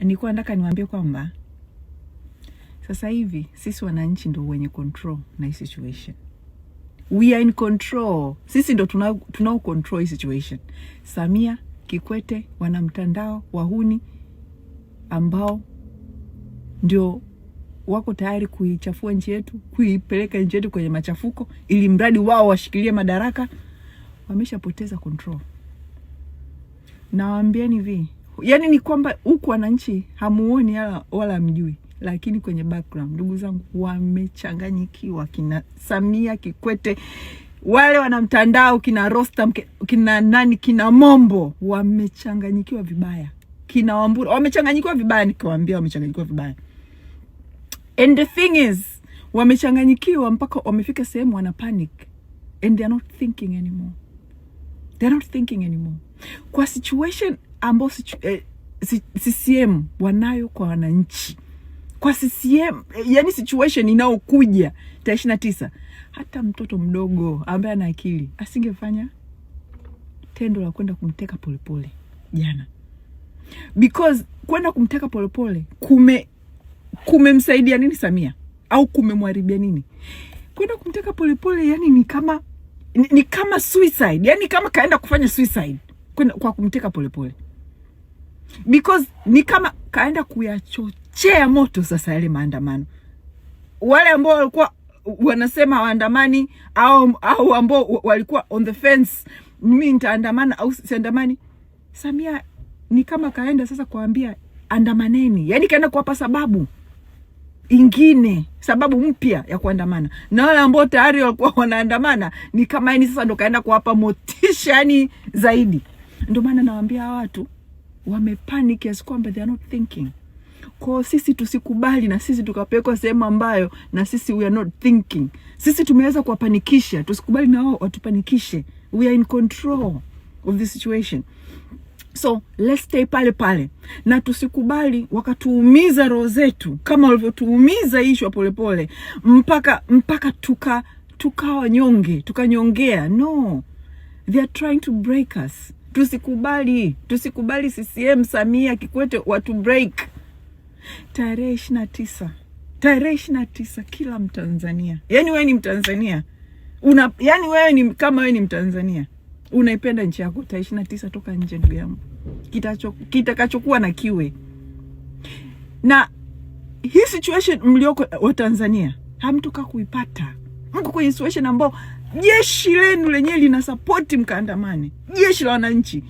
nilikuwa nataka niwaambie kwamba sasa hivi sisi wananchi ndo wenye control na hii situation. We are in control, sisi ndo tunao tuna control hii situation. Samia, Kikwete, wanamtandao, wahuni ambao ndio wako tayari kuichafua nchi yetu, kuipeleka nchi yetu kwenye machafuko, ili mradi wao washikilie madaraka. Wameshapoteza control. Nawaambieni hivi yani ni kwamba huku wananchi hamuoni wala hamjui, lakini kwenye background, ndugu zangu, wamechanganyikiwa kina Samia, Kikwete, wale wana mtandao kina Rostam, kina nani, kina Mombo wamechanganyikiwa vibaya, kina Wambura wamechanganyikiwa vibaya, nikiwaambia wamechanganyikiwa vibaya. And the thing is wamechanganyikiwa mpaka wamefika sehemu wana panic and they are not thinking anymore, they are not thinking anymore kwa situation ambao eh, CCM wanayo kwa wananchi kwa CCM, yani situation inayokuja tarehe ishirini na tisa, hata mtoto mdogo ambaye ana akili asingefanya tendo la kwenda kumteka Polepole jana, because kwenda kumteka Polepole kume kumemsaidia nini Samia au kumemwharibia nini? Kwenda kumteka Polepole yani ni kama ni, ni kama suicide, yani kama kaenda kufanya suicide kwa kumteka Polepole because ni kama kaenda kuyachochea moto sasa yale maandamano. Wale ambao walikuwa wanasema waandamani au, au ambao walikuwa on the fence, mimi nitaandamana au siandamani, Samia ni kama kaenda sasa kuambia andamaneni, yaani kaenda kuwapa sababu ingine sababu mpya ya kuandamana, na wale ambao tayari walikuwa wanaandamana ni kama yani sasa ndo kaenda kuwapa motisha yani zaidi. Ndio maana nawaambia watu wamepanic as kwamba they are not thinking. Kwa sisi tusikubali na sisi tukapelekwa sehemu ambayo na sisi we are not thinking. Sisi tumeweza kuwapanikisha, tusikubali na wao watupanikishe. We are in control of the situation. So let's stay pale pale na tusikubali wakatuumiza roho zetu kama walivyotuumiza Ishwa Polepole mpaka mpaka tuka tukawa nyonge tukanyongea. No, they are trying to break us. Tusikubali, tusikubali CCM, Samia, Kikwete watu break. Tarehe ishirini na tisa, tarehe ishirini na tisa kila Mtanzania, yaani wewe ni Mtanzania una, yani wewe ni kama wewe ni Mtanzania unaipenda nchi yako, tarehe ishirini na tisa toka nje, ndugu yangu, kitakachokuwa kita na kiwe na hii situation mlioko wa Tanzania hamtoka kuipata wako kwenye situation ambao jeshi lenu lenyewe lina support mkaandamane, jeshi la wananchi